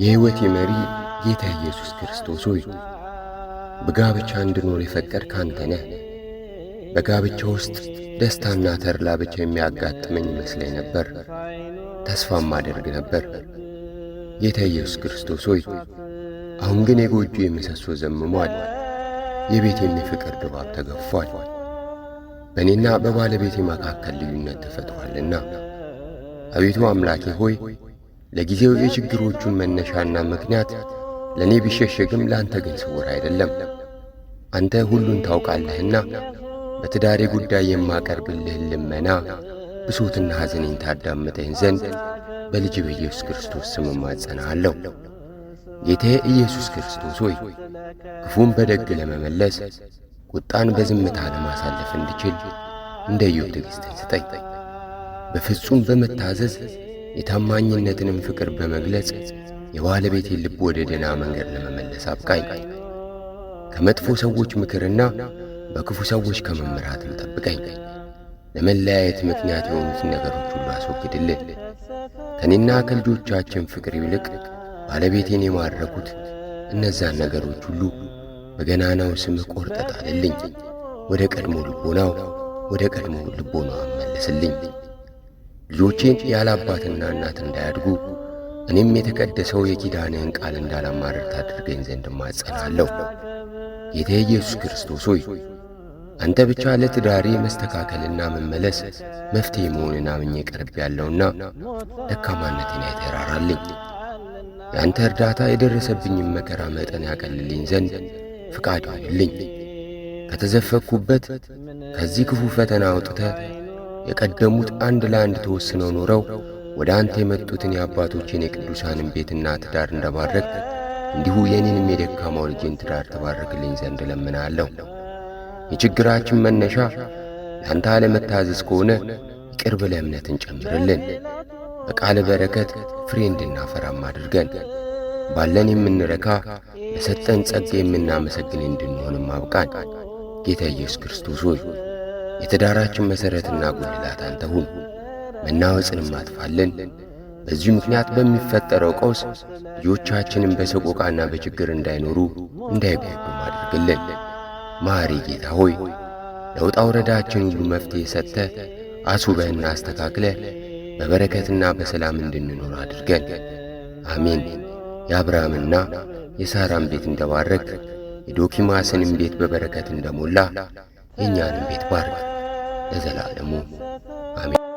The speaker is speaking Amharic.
የሕይወቴ መሪ ጌታ ኢየሱስ ክርስቶስ ሆይ በጋብቻ እንድኖር የፈቀድክ አንተ ነህ። በጋብቻ ውስጥ ደስታና ተድላ ብቻ የሚያጋጥመኝ ይመስለኝ ነበር፣ ተስፋም አደርግ ነበር። ጌታ ኢየሱስ ክርስቶስ ሆይ አሁን ግን የጎጆ የምሰሶ ዘምሟል፣ የቤቴም የፍቅር ድባብ ተገፏል። በእኔና በባለቤቴ መካከል ልዩነት ተፈጥሯልና አቤቱ አምላኬ ሆይ ለጊዜው የችግሮቹን መነሻና ምክንያት ለእኔ ቢሸሸግም ለአንተ ግን ስውር አይደለም። አንተ ሁሉን ታውቃለህና በትዳሬ ጉዳይ የማቀርብልህን ልመና፣ ብሶትና ሐዘኔን ታዳምጠኝ ዘንድ በልጅ በኢየሱስ ክርስቶስ ስም እማጸናሃለሁ። ጌታዬ ኢየሱስ ክርስቶስ ሆይ ክፉን በደግ ለመመለስ ቁጣን በዝምታ ለማሳለፍ እንድችል እንደ ኢዮብ ትዕግሥትን ስጠኝ። በፍጹም በመታዘዝ የታማኝነትንም ፍቅር በመግለጽ የባለቤቴ ልብ ወደ ደህና መንገድ ለመመለስ አብቃኝ። ከመጥፎ ሰዎች ምክርና በክፉ ሰዎች ከመምራትም ጠብቀኝ። ለመለያየት ምክንያት የሆኑትን ነገሮች ሁሉ አስወግድልን። ከእኔና ከልጆቻችን ፍቅር ይልቅ ባለቤቴን የማረኩት እነዛን ነገሮች ሁሉ በገናናው ስምህ ቆርጠጣልልኝ። ወደ ቀድሞ ልቦናው ወደ ቀድሞ ልቦናው አመለስልኝ። ልጆቼን ያለ አባትና እናት እንዳያድጉ እኔም የተቀደሰው የኪዳንህን ቃል እንዳላማረር ታድርገኝ ዘንድ እማጸናለሁ። ጌታ ኢየሱስ ክርስቶስ ሆይ አንተ ብቻ ለትዳሬ መስተካከልና መመለስ መፍትሄ መሆንን አምኜ ቀርብ ያለውና ደካማነቴን አይተራራልኝ። የአንተ እርዳታ የደረሰብኝም መከራ መጠን ያቀልልኝ ዘንድ ፍቃድ ይሁንልኝ። ከተዘፈቅኩበት ከዚህ ክፉ ፈተና አውጥተህ የቀደሙት አንድ ለአንድ ተወስነው ኖረው ወደ አንተ የመጡትን የአባቶችን የቅዱሳንን ቤትና ትዳር እንደባረክ እንዲሁ የእኔንም የደካማው ልጅን ትዳር ተባረክልኝ ዘንድ እለምናለሁ። የችግራችን መነሻ ለአንተ አለመታዘዝ ከሆነ ይቅር ብለህ እምነትን ጨምርልን፣ በቃለ በረከት ፍሬ እንድናፈራም አድርገን ባለን የምንረካ ለሰጠን ጸጋ የምናመሰግን እንድንሆንም አብቃን። ጌታ ኢየሱስ ክርስቶስ ሆይ የትዳራችን መሠረትና ጉልላት አንተ ሁን፣ መናወጽንም አጥፋልን። በዚህ ምክንያት በሚፈጠረው ቀውስ ልጆቻችንን በሰቆቃና በችግር እንዳይኖሩ እንዳይጓጉም አድርግልን። ማሪ ጌታ ሆይ ለውጣ ውረዳችን ሁሉ መፍትሄ ሰጥተ አስውበህና አስተካክለ በበረከትና በሰላም እንድንኖር አድርገን። አሜን። የአብርሃምና የሳራን ቤት እንደባረክ የዶኪማስንም ቤት በበረከት እንደሞላ የእኛንም ቤት ባርክ። ለዘላለሙ አሜን።